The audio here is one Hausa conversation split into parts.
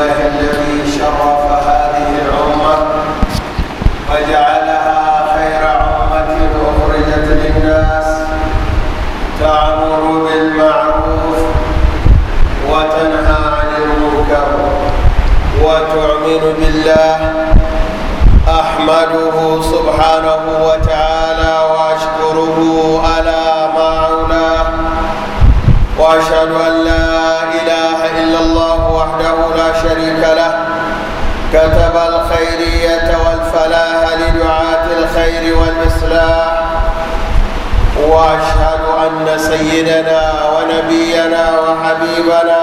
الله سيدنا ونبينا وحبيبنا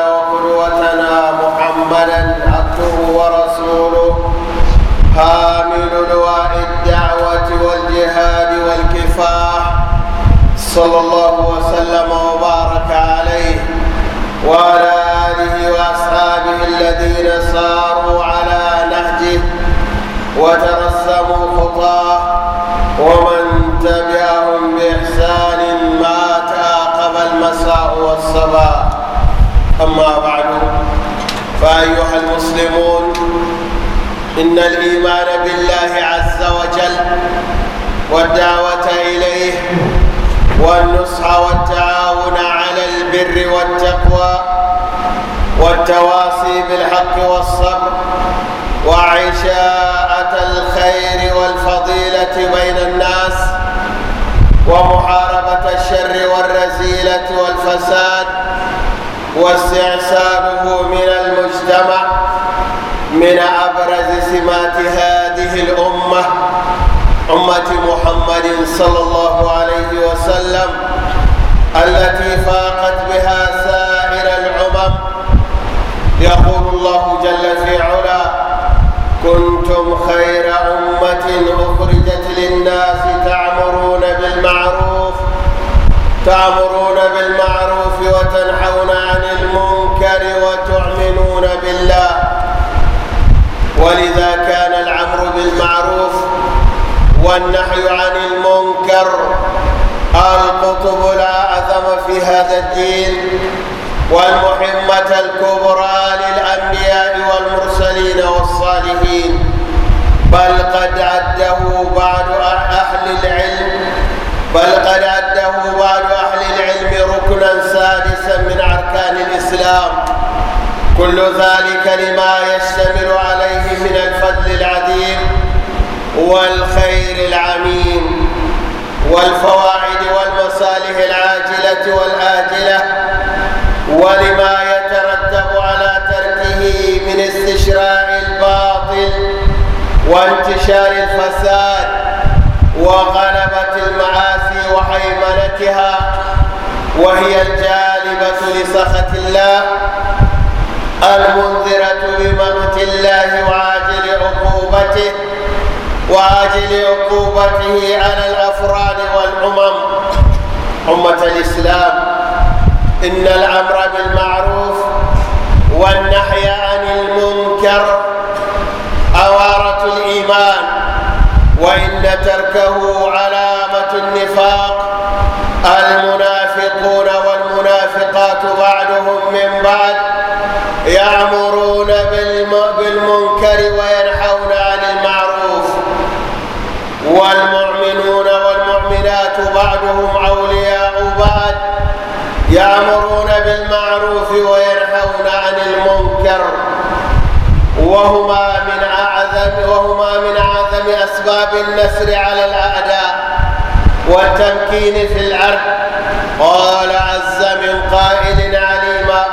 المساء والصباح أما بعد فأيها المسلمون إن الإيمان بالله عز وجل والدعوة إليه والنصح والتعاون على البر والتقوى والتواصي بالحق والصبر وعشاءة الخير والفضيلة بين الناس ومحاربة الفساد واستعصاره من المجتمع من أبرز سمات هذه الأمة أمة محمد صلى الله عليه وسلم التي فاقت بها تأمرون بالمعروف وتنحون عن المنكر وتؤمنون بالله ولذا كان العمر بالمعروف والنحي عن المنكر القطب الأعظم في هذا الدين والمهمة الكبرى لله كل ذلك لما يشتمل عليه من الفضل العديم والخير العميم والفواعد والمصالح العاجلة والآجلة ولما يترتب على تركه من استشراع الباطل وانتشار الفساد وغلبة المعاصي وهيمنتها وهي الجالبة لسخط الله المنذرة بمقت الله وعاجل عقوبته وعاجل عقوبته على الأفراد والأمم أمة الإسلام إن الأمر بالمعروف والنحي عن المنكر النسر على الأعداء والتمكين في العرب قال عز من قائل عليما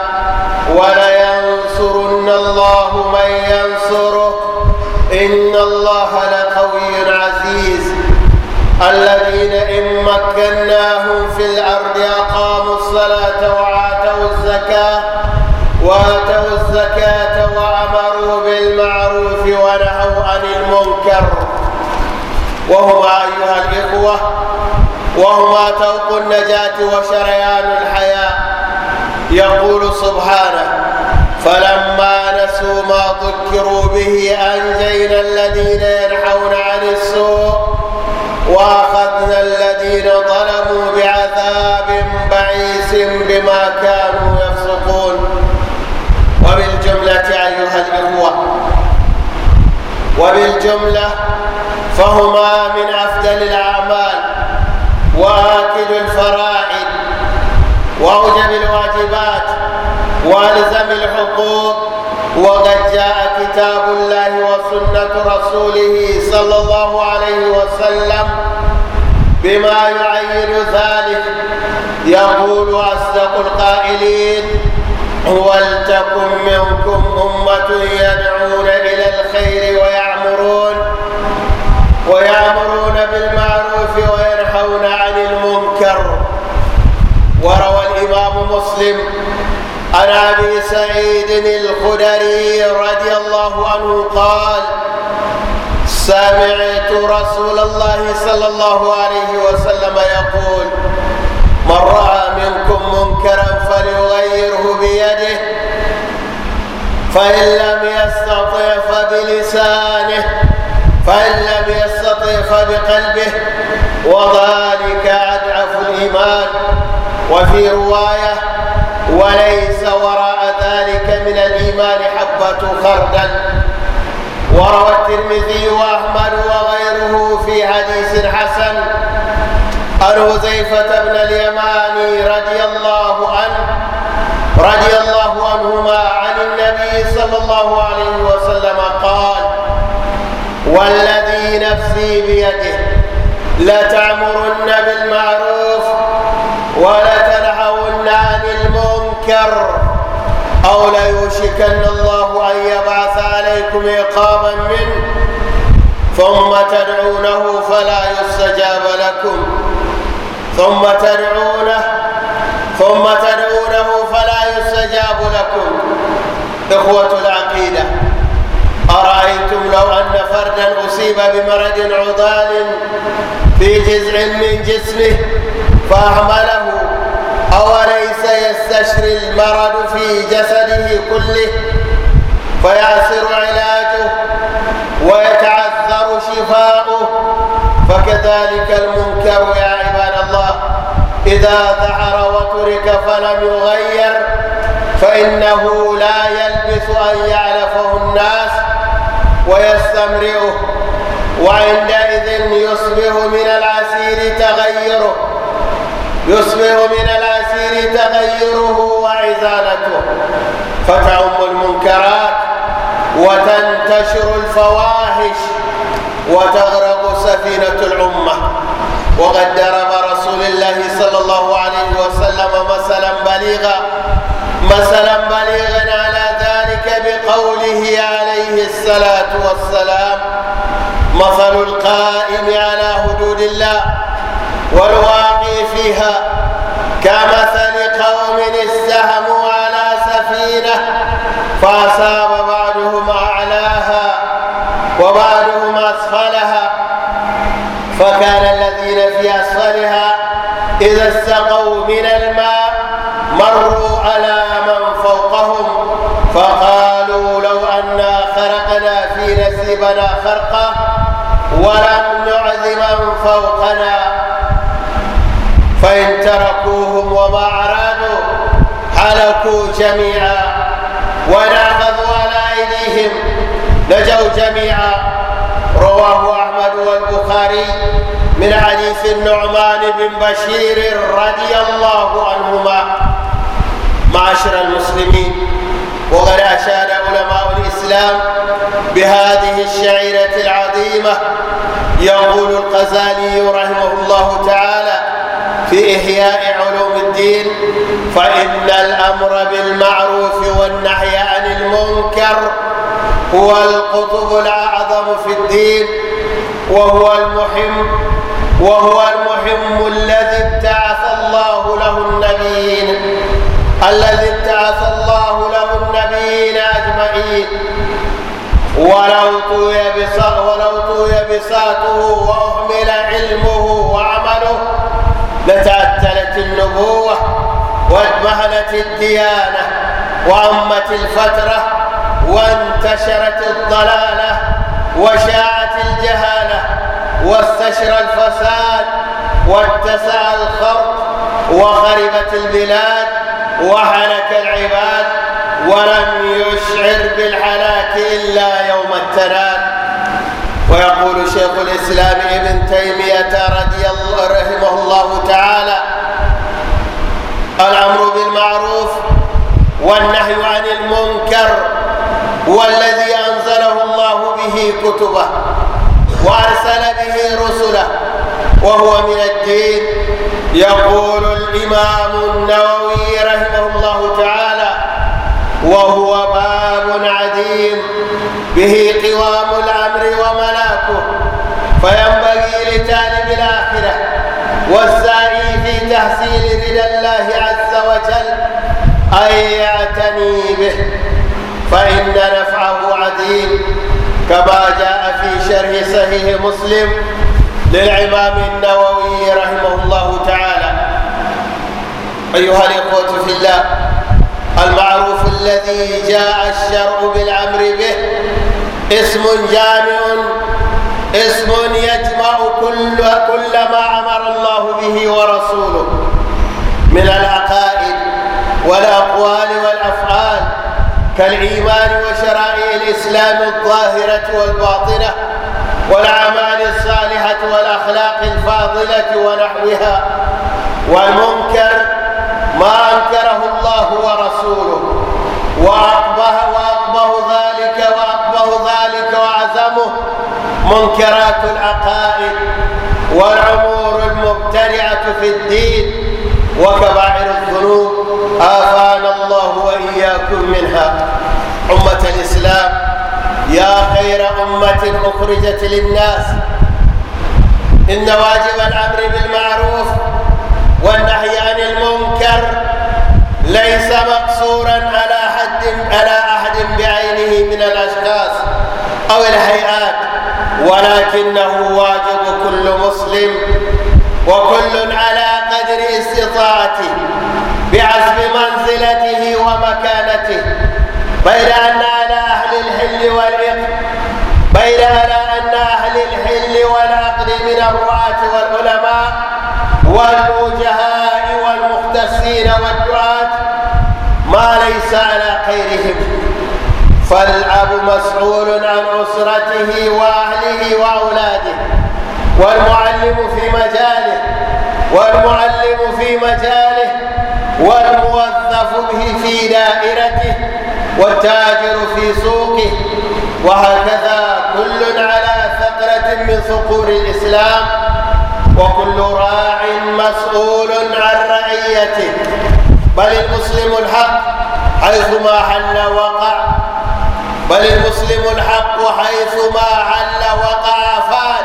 ولينصرن الله من ينصره إن الله لقوي عزيز الذين إن مكناهم في الأرض أقاموا الصلاة وآتوا الزكاة وآتوا الزكاة وأمروا بالمعروف ونهوا عن المنكر وهما أيها الإخوة وهما توق النجاة وشريان الحياة يقول سبحانه فلما نسوا ما ذكروا به أنجينا الذين ينحون عن السوء وأخذنا الذين ظلموا بعذاب بعيس بما كانوا يفسقون وبالجملة أيها الإخوة وبالجملة فهما من أفضل الأعمال وآكد الفرائض وأوجب الواجبات وألزم الحقوق وقد جاء كتاب الله وسنة رسوله صلى الله عليه وسلم بما يعين ذلك يقول أصدق القائلين ولتكن منكم أمة يدعون إلى الخير ويعلمون ويأمرون بالمعروف وينحون عن المنكر وروى الإمام مسلم عن أبي سعيد الخدري رضي الله عنه قال سمعت رسول الله صلى الله عليه وسلم يقول من رأى منكم منكرا فليغيره بيده فإن لم يستطع فبلسانه فإن لم نطق بقلبه وذلك أضعف الإيمان وفي رواية وليس وراء ذلك من الإيمان حبة خردل وروى الترمذي وأحمد وغيره في حديث حسن عن هزيفة بن اليمان رضي الله عنه رضي الله عنهما عن النبي صلى الله عليه وسلم قال والذي نفسي بيده لتعمرن بالمعروف ولتنهون عن المنكر أو ليوشكن الله أن يبعث عليكم عقابا منه ثم تدعونه فلا يستجاب لكم ثم تدعونه ثم تدعونه فلا يستجاب لكم إخوة العقيدة أرأيتم لو أن فردا أصيب بمرض عضال في جزع من جسمه فأهمله أوليس يستشري المرض في جسده كله فيعسر علاجه ويتعثر شفاؤه فكذلك المنكر يا عباد الله إذا ظهر وترك فلم يغير فإنه لا يلبث أن يعلفه الناس ويستمرئه وعندئذ يصبح من العسير تغيره يصبح من العسير تغيره وعزالته فتعم المنكرات وتنتشر الفواحش وتغرق سفينة الأمة وقد درب رسول الله صلى الله عليه وسلم مثلا بليغا مثلا بليغا على ذلك بقوله يا عليه الصلاة والسلام مثل القائم على حدود الله والواقع فيها كمثل قوم استهموا على سفينة فأصاب بعضهم أعلاها وبعضهم أسفلها فكان الذين في أسفلها إذا استقوا فوقنا خرقه ولن نعذب من فوقنا فإن تركوهم وما أرادوا هلكوا جميعا ونأخذوا على أيديهم نجوا جميعا رواه أحمد والبخاري من حديث النعمان بن بشير رضي الله عنهما معاشر المسلمين وقد أشار الإسلام بهذه الشعيرة العظيمة يقول القزالي رحمه الله تعالى في إحياء علوم الدين فإن الأمر بالمعروف والنهي عن المنكر هو القطب الأعظم في الدين وهو المهم وهو المهم الذي ابتعث الله له النبيين الذي ابتعث الله له النبيين أجمعين النبوة واكملت الديانة وعمت الفترة وانتشرت الضلالة وشاعت الجهالة واستشر الفساد واتسع الخرق وخربت البلاد وهلك العباد ولم يشعر بالحلاك إلا يوم التناد ويقول شيخ الإسلام ابن تيمية رضي الله رحمه الله تعالى الأمر بالمعروف والنهي عن المنكر والذي أنزله الله به كتبه وأرسل به رسله وهو من الدين يقول الإمام النووي رحمه الله تعالى وهو أن يعتني به فإن نفعه عديم كما جاء في شرح صحيح مسلم للإمام النووي رحمه الله تعالى أيها الإخوة في الله المعروف الذي جاء الشرع بالأمر به اسم جامع اسم يجمع كل, كل ما أمر الله به ورسوله والأقوال والأفعال كالإيمان وشرائع الإسلام الظاهرة والباطنة والأعمال الصالحة والأخلاق الفاضلة ونحوها والمنكر ما أنكره الله ورسوله وأقبه وأقبه ذلك وأقبه ذلك وعزمه منكرات العقائد والأمور المبتدعة في الدين وكبائر مخرجة للناس إن واجب الأمر بالمعروف والنهي عن المنكر ليس مقصورا على حد على أحد بعينه من الأشخاص أو الهيئات ولكنه واجب كل مسلم وكل على قدر استطاعته بحسب منزلته ومكانته بين أن الرعاة والعلماء والوجهاء والمختصين والدعاة ما ليس على خيرهم فالأب مسؤول عن أسرته وأهله وأولاده والمعلم في مجاله والمعلم في مجاله والموظف به في دائرته والتاجر في سوقه وهكذا كل على من صقور الإسلام وكل راع مسؤول عن رعيته بل المسلم الحق حيثما حل وقع بل المسلم الحق حيثما حل وقع أفاد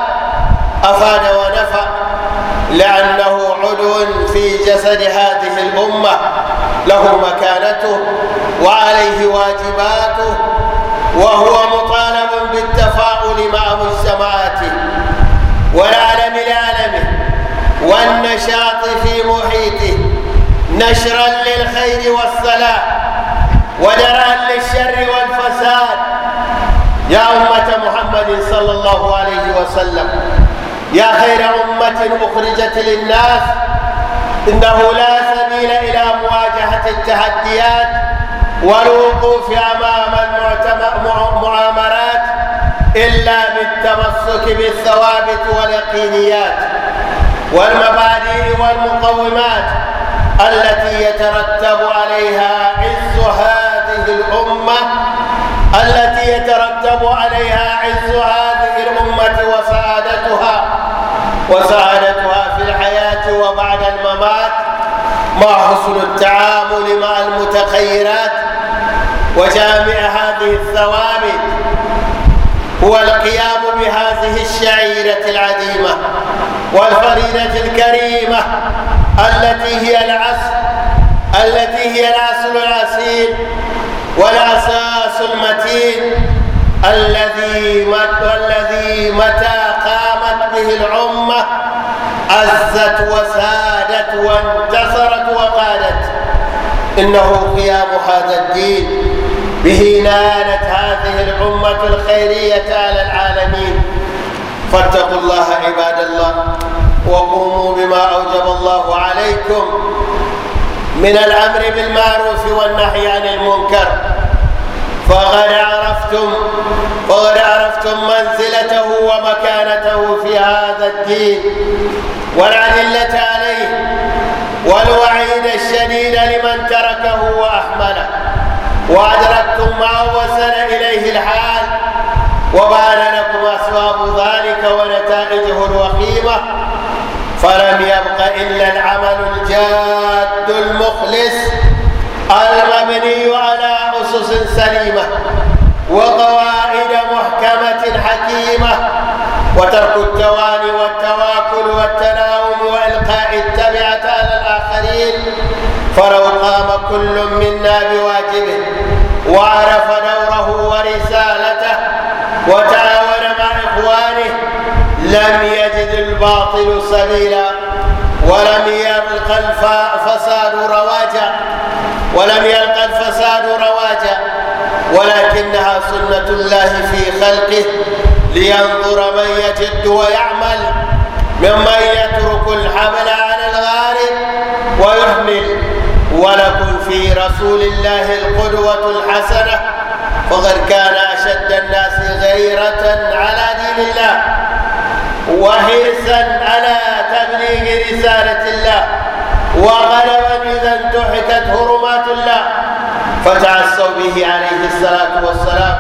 أفاد ونفع لأنه عدو في جسد هذه الأمة له مكانته وعليه واجباته وهو مطلع النشاط في محيطه نشرا للخير والصلاح ودرا للشر والفساد يا أمة محمد صلى الله عليه وسلم يا خير أمة أخرجت للناس إنه لا سبيل إلى مواجهة التحديات والوقوف أمام المعامرات إلا بالتمسك بالثوابت واليقينيات والمبادئ والمقومات التي يترتب عليها عز هذه الأمة التي يترتب عليها عز هذه الأمة وسعادتها وسعادتها في الحياة وبعد الممات مع حسن التعامل مع المتخيرات وجامع هذه الثوابت هو القيام بهذه الشعيرة العديمة والفريدة الكريمة التي هي العسل التي هي العسل العسير والأساس المتين الذي والذي متى قامت به العمة عزت وسادت وانتصرت وقادت إنه قيام هذا الدين به نالت هذه الأمة الخيرية على العالمين فاتقوا الله عباد الله وقوموا بما أوجب الله عليكم من الأمر بالمعروف والنهي عن المنكر فقد عرفتم فقد عرفتم منزلته ومكانته في هذا الدين والعدلة عليه والوعيد الشديد لمن تركه وأهمله وأدركتم ما وصل إليه الحال وبان لكم أسباب ذلك ونتائجه الوخيمة فلم يبق إلا العمل الجاد المخلص المبني على أسس سليمة وقواعد محكمة حكيمة وترك التوازن فلو قام كل منا بواجبه وعرف دوره ورسالته وتعاون مع إخوانه لم يجد الباطل سبيلا ولم يلق الفساد رواجا ولم يلق الفساد رواجا ولكنها سنة الله في خلقه لينظر من يجد ويعمل ممن برسول الله القدوة الحسنة فقد كان أشد الناس غيرة على دين الله وحرصا على تبليغ رسالة الله وغلبا إذا انتحكت هرمات الله فتعسوا به عليه الصلاة والسلام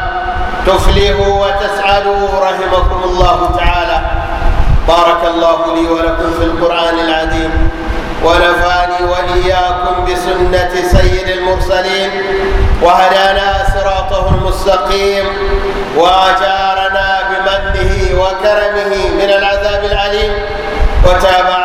تفلحوا وتسعدوا رحمكم الله تعالى بارك الله لي ولكم في القرآن العظيم ونفعني وإياكم بسنة سيد المرسلين وهدانا صراطه المستقيم وأجارنا بمنه وكرمه من العذاب العليم وتابعنا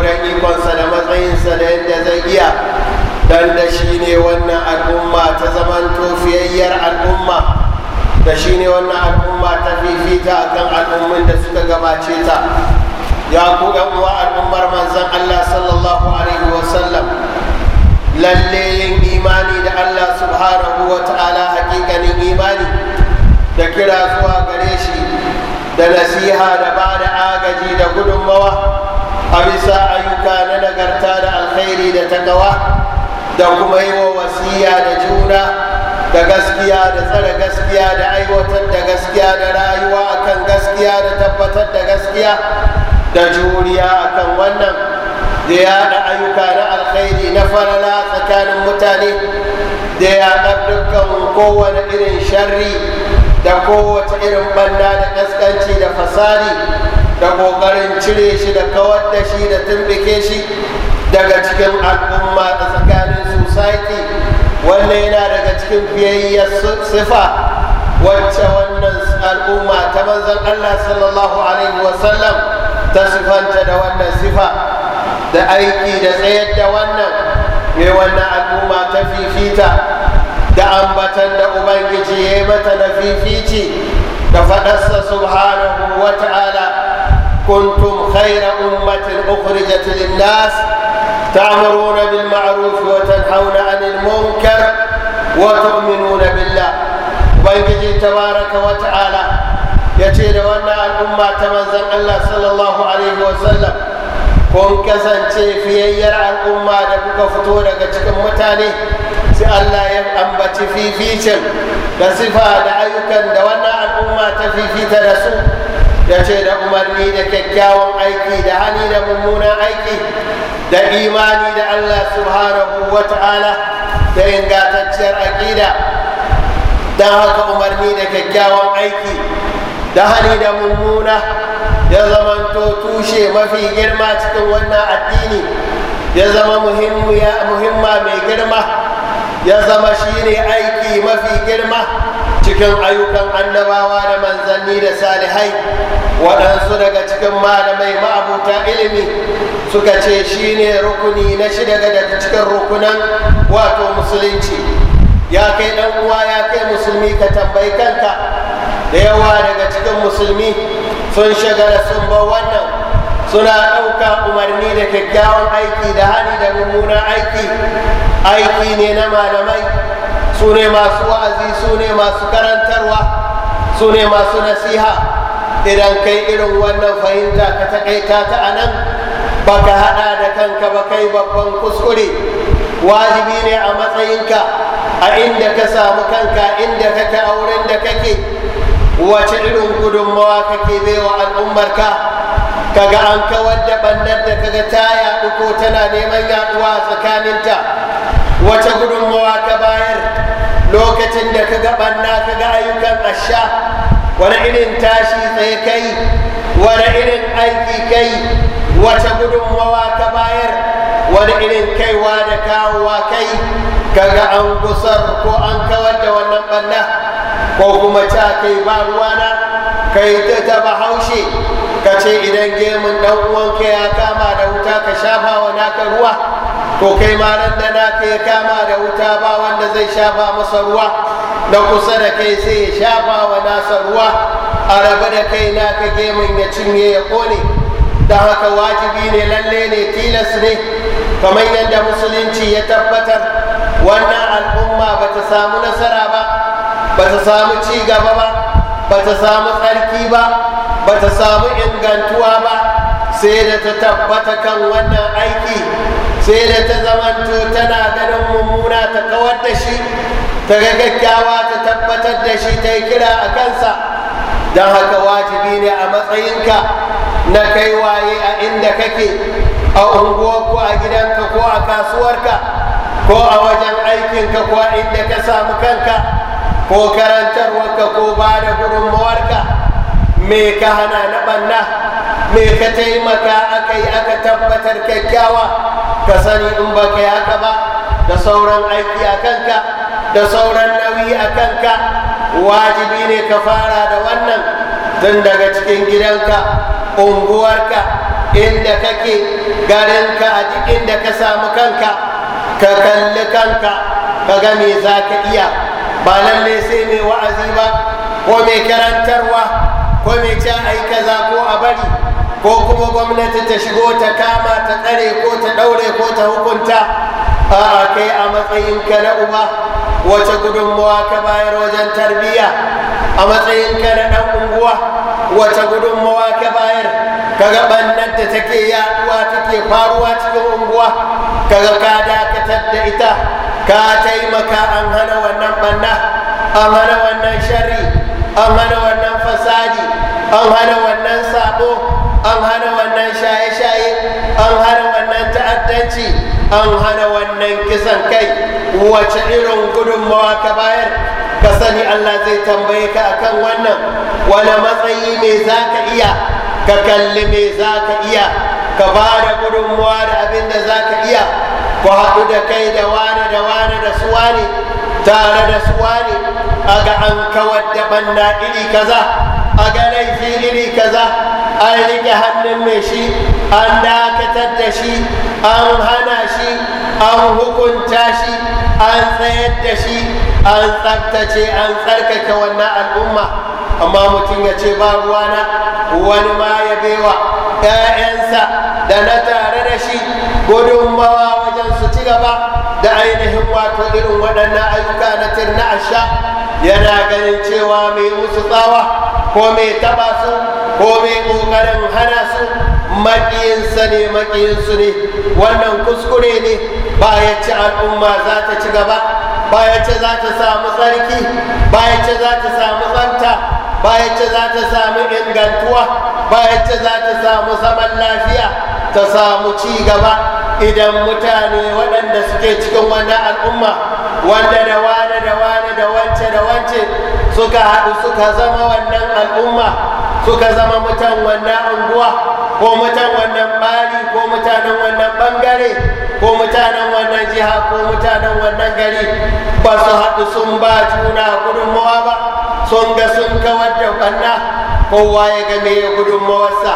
gwargwadon ikonsa da matsayinsa da yadda zai iya don da shi ne wannan al'umma ta zaman tofiyayyar al'umma da shi ne wannan al'umma ta fifita a kan al'ummin da suka gabace ta ya ku uwa al'ummar manzan allah sallallahu alaihi wasallam lalle yin imani da allah subhanahu wa ta'ala hakikanin imani da kira zuwa gare shi da nasiha da ba da agaji da gudunmawa a bisa ayyuka na nagarta da alkhairi da takawa da kuma yi wa wasiya da juna da gaskiya da tsare gaskiya da aiwatar da gaskiya da rayuwa akan gaskiya da tabbatar da gaskiya da juriya akan wannan da ya da ayyuka na alkhairi na farala tsakanin mutane da yaɗa dukkan kowane irin sharri da kowace irin ɓanna da ƙasƙanci da fasari da ƙoƙarin cire shi da kawar da shi da tumbike shi daga cikin al'umma da tsakanin society wannan yana daga cikin biyayyar sifa wacce wannan al'umma ta manzan allah sallallahu alaihi wasallam ta sifanta da wannan sifa da aiki da tsayar da wannan mai wannan al'umma ta fifita da ambatan da ubangiji ya yi mata na fifici da faɗarsa subhanahu wa ta'ala كنتم خير أمة أخرجت للناس تأمرون بالمعروف وتنهون عن المنكر وتؤمنون بالله وبيجي تبارك وتعالى يتير وانا الأمة تمزن الله صلى الله عليه وسلم كون كسان في يرعى الأمة لكوك فتورة كتكم متاني سألا يبقى في فيشل لصفة لعيكا دوانا الأمة في فيتا da ce da umarni da kyakkyawan aiki da hani da mummunan aiki da imani da Allah subhanahu wa ta'ala da ingantacciyar aƙida don haka umarni da kyakkyawan aiki da hani da mummuna ya zamanto tushe mafi girma cikin wannan addini ya zama muhimma mai girma ya zama shine aiki mafi girma cikin ayyukan annabawa da manzanni da salihai waɗansu daga cikin malamai ma'abuta ilimi suka ce shi ne rukuni na shi daga cikin rukunan wato musulunci ya kai ɗan uwa ya kai musulmi ka tambayi kanka da yawa daga cikin musulmi sun shagara sun bar wannan suna ɗauka umarni da kyakkyawan aiki da hannu da mummunan aiki aiki ne na malamai su ne masu wa'azi su ne masu karantarwa su ne masu nasiha idan kai irin wannan fahimta ka takaita ta a nan ba ka haɗa da kanka ba kai babban kuskure wajibi ne a matsayinka a inda ka samu kanka inda kake a wurin da kake wace irin gudunmawa kake baiwa al'ummarka kaga an kawar da ɓannar da kaga ta yaɗu ko tana neman yaɗuwa tsakaninta wace gudunmawa ka bayan lokacin da ka ga ɓanna ka ga ayyukan asha wani irin tashi tsaye kai wani irin aiki kai wata gudunmawa ka bayar wani irin kaiwa da kawowa kai kaga an gusar ko an kawar da wannan ɓanna ko kuma ta kai ba ruwana kai ta taba haushe ka ce idan gemun ɗan uwanka ya kama da wuta ka shafa wa naka ruwa to kai ma nan da naka ya kama da wuta ba wanda zai shafa masa ruwa na kusa da kai sai ya shafa wa nasa ruwa a rabu da kai naka gemun ya cinye ya kone da haka wajibi ne lalle ne tilas ne kamar yadda musulunci ya tabbatar wannan al'umma ba ta samu nasara ba ba ta samu ci gaba ba ba ta samu tsarki ba ba ta samu ingantuwa ba sai da ta tabbata kan wannan aiki sai da ta zamanto tana ganin mummuna ta kawar da shi ta ga gaggawa ta tabbatar da shi ta yi kira a kansa don haka wajibi ne a matsayinka na kai waye a inda kake a unguwarku a gidanka ko a kasuwarka ko a wajen aikinka ko a inda ka samu kanka ko karantarwarka ko ba da gudunmawarka me ka hana na ɓanna me ka taimaka aka yi aka tabbatar kyakkyawa ka sani in ba ka yi ba da sauran aiki a kanka da sauran nauyi a kanka wajibi ne ka fara da wannan tun daga cikin gidanka unguwarka inda kake garinka a duk inda ka samu kanka ka kalli kanka ka ga me za ka iya ba lalle sai mai wa'azi ba ko mai karantarwa ko mai ce a yi kaza ko a bari ko kuma gwamnati ta shigo ta kama ta tsare ko ta ɗaure ko ta hukunta a'a kai a matsayinka na uba wace gudunmawa ka bayar wajen tarbiyya a matsayinka na ɗan unguwa wace gudunmawa ka bayar kaga ɓannar da take yaduwa take faruwa cikin unguwa kaga ka dakatar da ita ka taimaka an hana wannan ɓanna an hana wannan sharri an hana wannan fasadi an hana wannan sabo an hana wannan shaye-shaye an hana wannan ta'addanci an hana wannan kisan kai wace irin gudunmawa ka bayar ka sani allah zai tambaye ka akan wannan wani matsayi ne za ka iya ka kalli me za ka iya ka ba da gudunmawa da abin da za ka iya ku haɗu da kai da wane da wane da su wane tare da suwa ne a ga an kawar da banna iri kaza a ga laifi iri kaza an rike hannun mai shi an dakatar da shi an hana shi an hukunta shi an tsayar da shi an tsabtace an tsarkake wannan al'umma amma mutum ya ce ba ruwana wani ma ya bewa 'ya'yansa da na tare da shi gudunmawa wajen su ci gaba da ainihin wato irin waɗannan ayyuka na tirna'asha yana ganin cewa mai musu tsawa ko mai taɓa su ko mai ƙoƙarin hana su maƙiyinsa ne maƙiyinsu ne wannan kuskure ne ba ya ci al'umma za ta ci gaba ba ya ce za ta samu tsarki ba ya ce za ta samu tsanta ba ya ce za ta samu ingantuwa ba ya ce za ta samu zaman lafiya ta samu ci gaba idan mutane waɗanda suke cikin wannan al'umma wanda da wane da wane da wance da wance suka haɗu suka zama wannan al'umma suka zama mutan wannan unguwa ko mutan wannan ɓari ko mutanen wannan ɓangare ko mutanen wannan jiha ko mutanen wannan gari ba su haɗu sun ba juna gudunmawa ba sun ga sun kawar da kowa ya ga me gudunmawarsa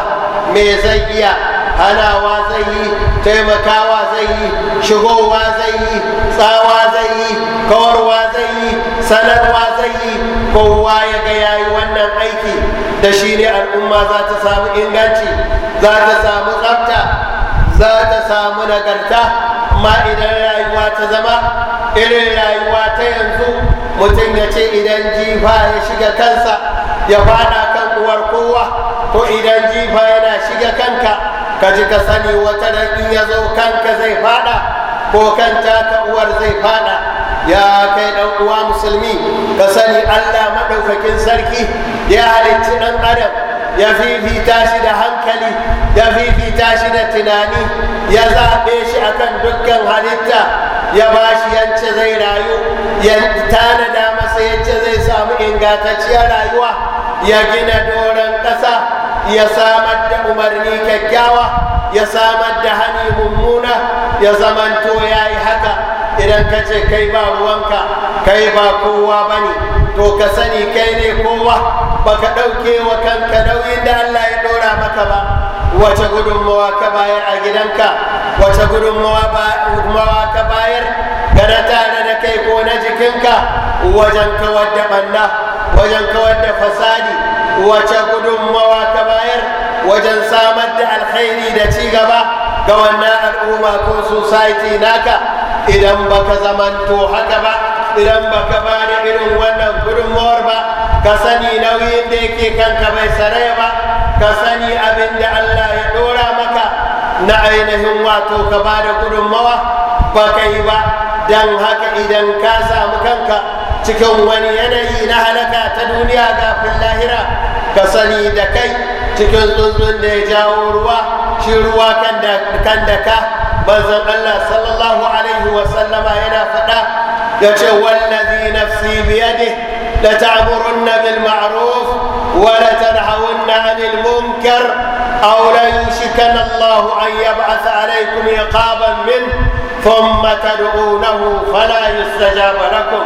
me zai iya halawa zai yi taimakawa zai yi shigowa zai yi tsawa zai yi kawarwa zai yi sanarwa zai yi kowa ya ga yayi wannan aiki da shi ne al'umma za ta samu inganci za ta samu tsafta za ta samu nagarta amma idan rayuwa ta zama irin rayuwa ta yanzu mutum ya ce idan jifa ya shiga kansa ya fada kan uwar kowa ko idan jifa yana shiga kanka ka ka sani wata in ya zo kanka zai fada ko kanta ka uwar zai fada ya kai dan uwa musulmi ka sani allah madaukakin sarki ya halitta dan adam ya fifita shi da hankali ya fifita shi da tunani ya zabe shi akan dukkan halitta ya ba shi yance zai rayu ya tana da masa yance zai samu ingantacciyar rayuwa ya gina doron kasa ya samar da umarni kyakkyawa ya samar da hani mummuna ya zamanto ya yi haka idan ka ce kai ba ruwanka kai ba kowa ba ne to ka sani kai ne kowa baka ɗauke wa kanka nauyin da allah ya ɗora maka ba wace gudunmawa ka bayar a gidanka wace gudunmawa ka bayar ga na tare da kai ko na jikinka wajen kawar da ɓanna wajen kawar da fasadi wace gudunmawa wajen samar da alkhairi da ci gaba ga wannan al'umma ko society naka idan baka zamanto haka ba idan baka ba da irin wannan gudunmawar ba ka sani nauyin da yake kanka bai saraya ba ka sani abin da Allah ya dora maka na ainihin wato ka ba da gudunmawa ba ka yi ba don haka idan ka samu kanka cikin wani yanayi na halaka ta duniya kafin lahira kasani da kai cikin tsuntsun da ya jawo ruwa shi ruwa kan da ka bazan Allah sallallahu alaihi wa sallama yana faɗa ya ce wallazi nafsi biyade la ta'murunna bil ma'ruf wa la tanhawunna 'anil munkar aw la yushkana Allahu an yab'atha 'alaykum iqaban min thumma tad'unahu fala yustajaba lakum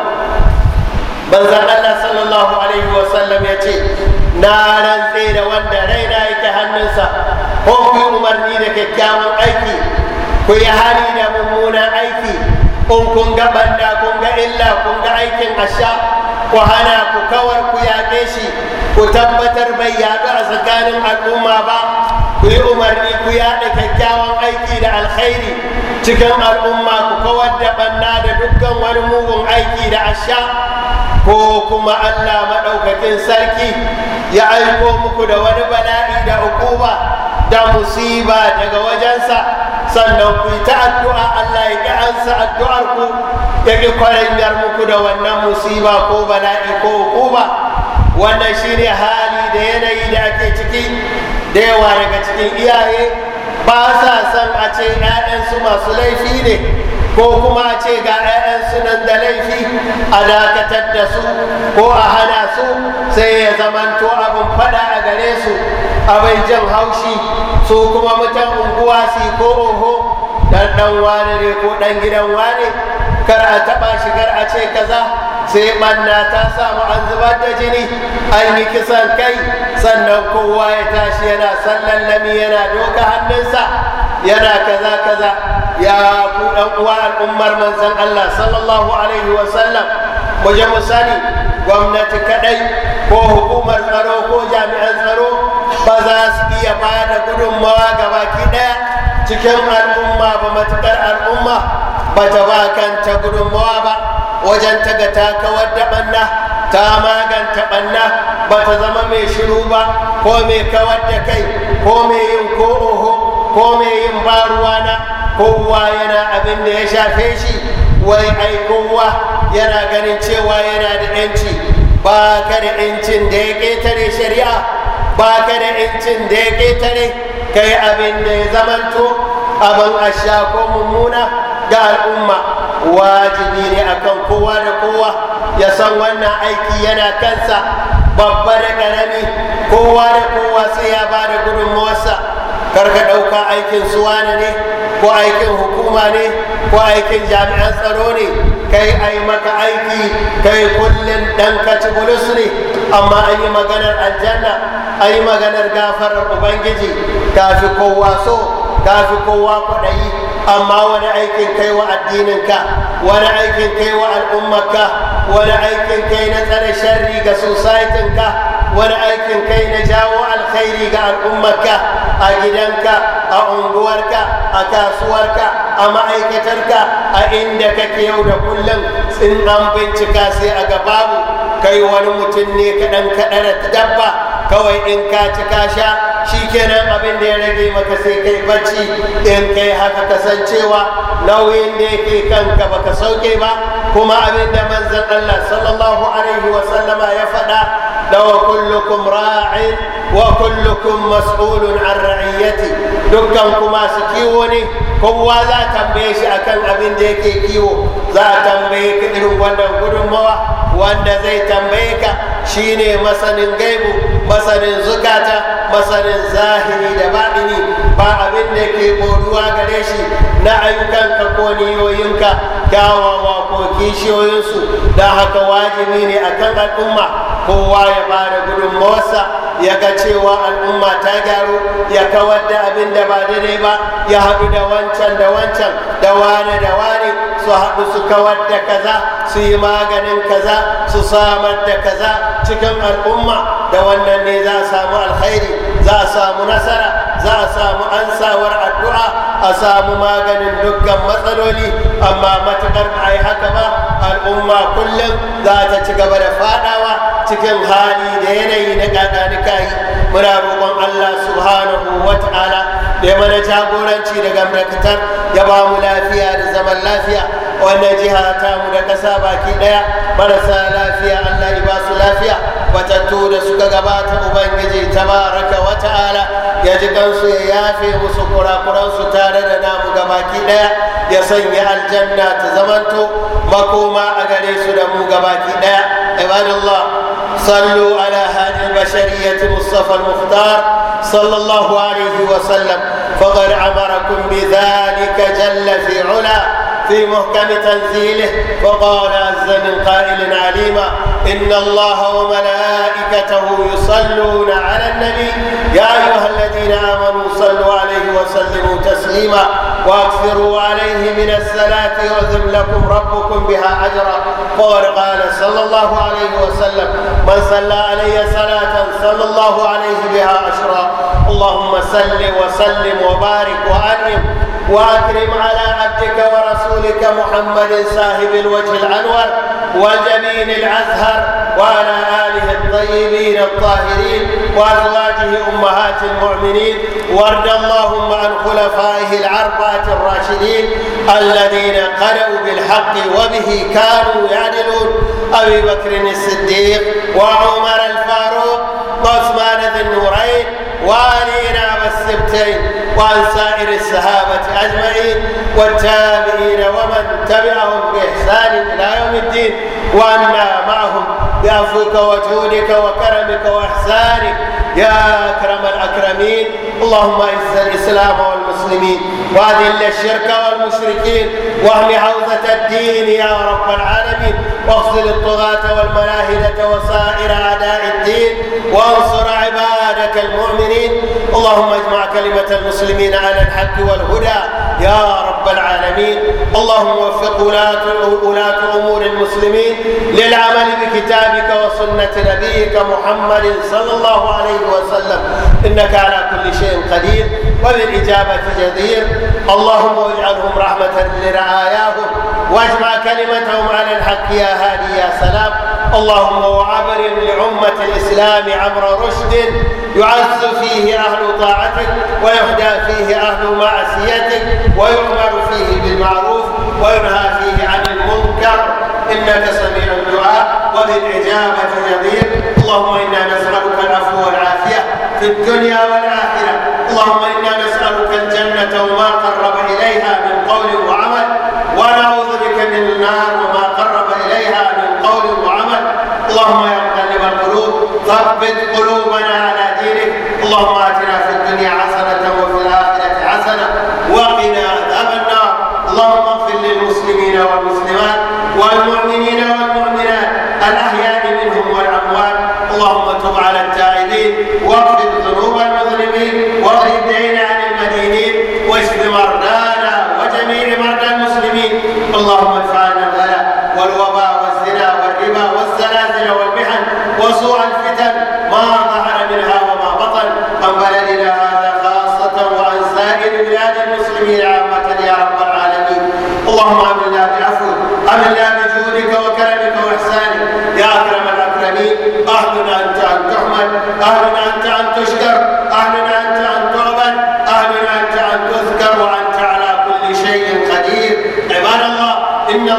manzan Allah sallallahu alaihi wasallam ya ce na rantse da wanda raina yake hannunsa ko ku yi umarni da kyakkyawan aiki ku yi hali da mummunan aiki in kun ga banda kun ga illa kun ga aikin asha ku hana ku kawar ku yaƙe shi ku tabbatar bai yaɗu a tsakanin al'umma ba ku yi umarni ku yaɗa kyakkyawan aiki da alkhairi cikin al'umma ku kawar da banna da dukkan wani mugun aiki da asha ko kuma allah maɗaukakin sarki ya aiko muku da wani bala'i da hukuma da musiba daga wajensa sannan ku yi ta addu'a allah ya ƙi ansa addu'ar ku ya ƙi kwaranyar muku da wannan musiba ko bala'i ko hukuma wannan shine hali da yanayi da ake ciki da yawa daga cikin iyaye ba sa san a ce 'ya'yansu masu laifi ne ko kuma a ce ga 'ya'yansu nan da laifi a dakatar da su ko a hana su sai ya zamanto abin fada a gare su abin jan haushi su kuma mutan unguwa su ko oho dan dan wane ne ko dan gidan wane kar a taba shi kar a ce kaza sai manna ta samu an zubar da jini an yi kisan kai sannan kowa ya tashi yana sallan lami yana doka hannunsa yana kaza kaza ya ku dan uwa al'ummar manzon Allah sallallahu alaihi wa sallam mu je mu sani gwamnati kadai ko hukumar tsaro ko jami'an tsaro ba za su iya ba da gudunmawa ga baki daya cikin al'umma ba matukar al'umma bata ba kanta gudunmawa ba wajen taga ta kawar da ɓanna ta maganta ɓanna bata zama mai shiru ba ko mai kawar da kai ko mai yin ko oho ko mai yin baruwana kowa yana abin da ya shafe shi wai ai kowa yana ganin cewa yana da 'yanci ba ka da 'yancin da ya ƙetare shari'a ba ka da 'yancin da ya ƙetare kai abin da ya zamanto abin a ko mummuna da al'umma wajibi ne akan kowa da kowa ya san wannan aiki yana kansa babba da karami kowa da kowa sai ya ba da gudunmawarsa karka ɗauka aikin suwana ne ko aikin hukuma ne ko aikin jami'an tsaro ne kai ai maka aiki kai kullum ɗan kaci bulus ne amma an yi maganar aljanna an yi maganar gafarar ubangiji kafi kowa so kafi kowa kwaɗayi أما ونعيك انتي وعد دينك ونعيك انتي وعد أمك ونعيك انتي نتر شري قصوصايتك ونعيك انتي نجاو الخير قال أمك أجدنك أعنقورك أكاسورك أمعيك ترك أعندك كيود كل إن أم بنتك سي أقبابو كي ونمتني كدن أنا تدبا كوي إن كاتكاشا shikenan abin da ya rage maka sai kai bacci in kai haka kasancewa nauyin da yake kanka baka sauke ba kuma abin da manzon Allah sallallahu alaihi wa sallama ya faɗa lawa kullukum ra'in wa kullukum mas'ulun an ra'iyati dukkan kuma su kiwo ne kowa za ta tambaye shi akan abin da yake kiwo za ta tambaye ka irin wannan gudunmawa wanda zai tambaye ka shine masanin gaibu masanin zukata masanin zahiri da baɗini ba abin da ke boruwa gare shi na ayyukanka ko niyoyinka kyawawa ko kishiyoyinsu da haka wajibi ne akan al'umma kowa ya ba da gudunmawarsa ya ga cewa al'umma ta gyaru ya kawar da abin da ba daidai ba ya haɗu da wancan da wancan da wane da wane su haɗu su kawar da kaza su yi maganin kaza su samar da kaza cikin al'umma da wannan ne za a samu alkhairi za a samu nasara za a samu ansawar addu'a a samu maganin dukkan matsaloli amma matuƙar a yi haka ba al'umma kullum za ta ci gaba da fadawa cikin hali da yanayi na ƙaƙanika muna roƙon allah subhanahu wa ta'ala ya mana jagoranci daga makatar ya ba mu lafiya da zaman lafiya wannan jiha ta mu da kasa baki daya marasa lafiya Allah ya ba su lafiya batattu da suka gabata ubangiji tabaraka wa ta'ala ya ji kansu ya yafe musu kurakuransu tare da namu gabaki daya ya sanya aljanna ta zamanto makoma a gare su da mu gabaki daya ibadallah صلوا على هذه البشرية المصطفى المختار صلى الله عليه وسلم فقد أمركم بذلك جل في علا في محكم تنزيله وقال عز من قائل عليما إن الله وملائكته يصلون على النبي يا أيها الذين آمنوا صلوا عليه وسلموا تسليما واكثروا عليه من الصلاة يعظم لكم ربكم بها أجرا قال قال صلى الله عليه وسلم من صلى علي صلاة صلى الله عليه بها أشرا اللهم سل وسلم وبارك وأنم وأكرم على عبدك ورسولك محمد صاحب الوجه الأنور والجبين الأزهر وعلى آله الطيبين الطاهرين وأزواجه أمهات المؤمنين وارض اللهم عن خلفائه الأربعة الراشدين الذين قرأوا بالحق وبه كانوا يعدلون أبي بكر الصديق وعمر الفاروق وعثمان ذي النورين والينا نعم السبتين وعن سائر الصحابه اجمعين والتابعين ومن تبعهم باحسان الى يوم الدين وعنا معهم بعفوك وجودك وكرمك واحسانك يا أكرم الأكرمين اللهم اعز الإسلام والمسلمين وأذل الشرك والمشركين واهل حوزة الدين يا رب العالمين واغسل الطغاة والملاهدة وسائر أعداء الدين وانصر عبادك المؤمنين اللهم اجمع كلمة المسلمين على الحق والهدى يا رب العالمين اللهم وفق ولاة أمور المسلمين للعمل بكتابك وسنة نبيك محمد صلى الله عليه وسلم إنك على كل شيء قدير وبالإجابة جدير اللهم اجعلهم رحمة لرعاياهم واجمع كلمتهم على الحق يا هادي يا سلام اللهم وعبر لعمة الإسلام عبر رشد يعز فيه أهل طاعتك ويهدى فيه أهل معصيتك ويؤمر فيه بالمعروف وينهى فيه عن المنكر إنك سميع الدعاء وبالإجابة جدير اللهم إنا نسألك العفو والعافية في الدنيا والآخرة اللهم إنا نسألك الجنة وما قرب إليها من قول وعمل ونعوذ بك من النار ثبت قلوبنا على دينك اللهم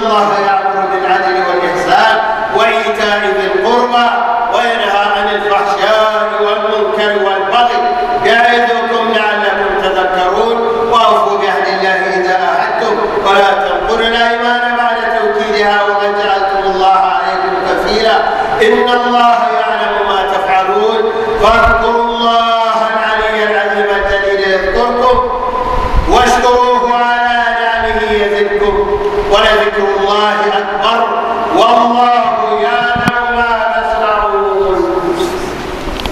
الله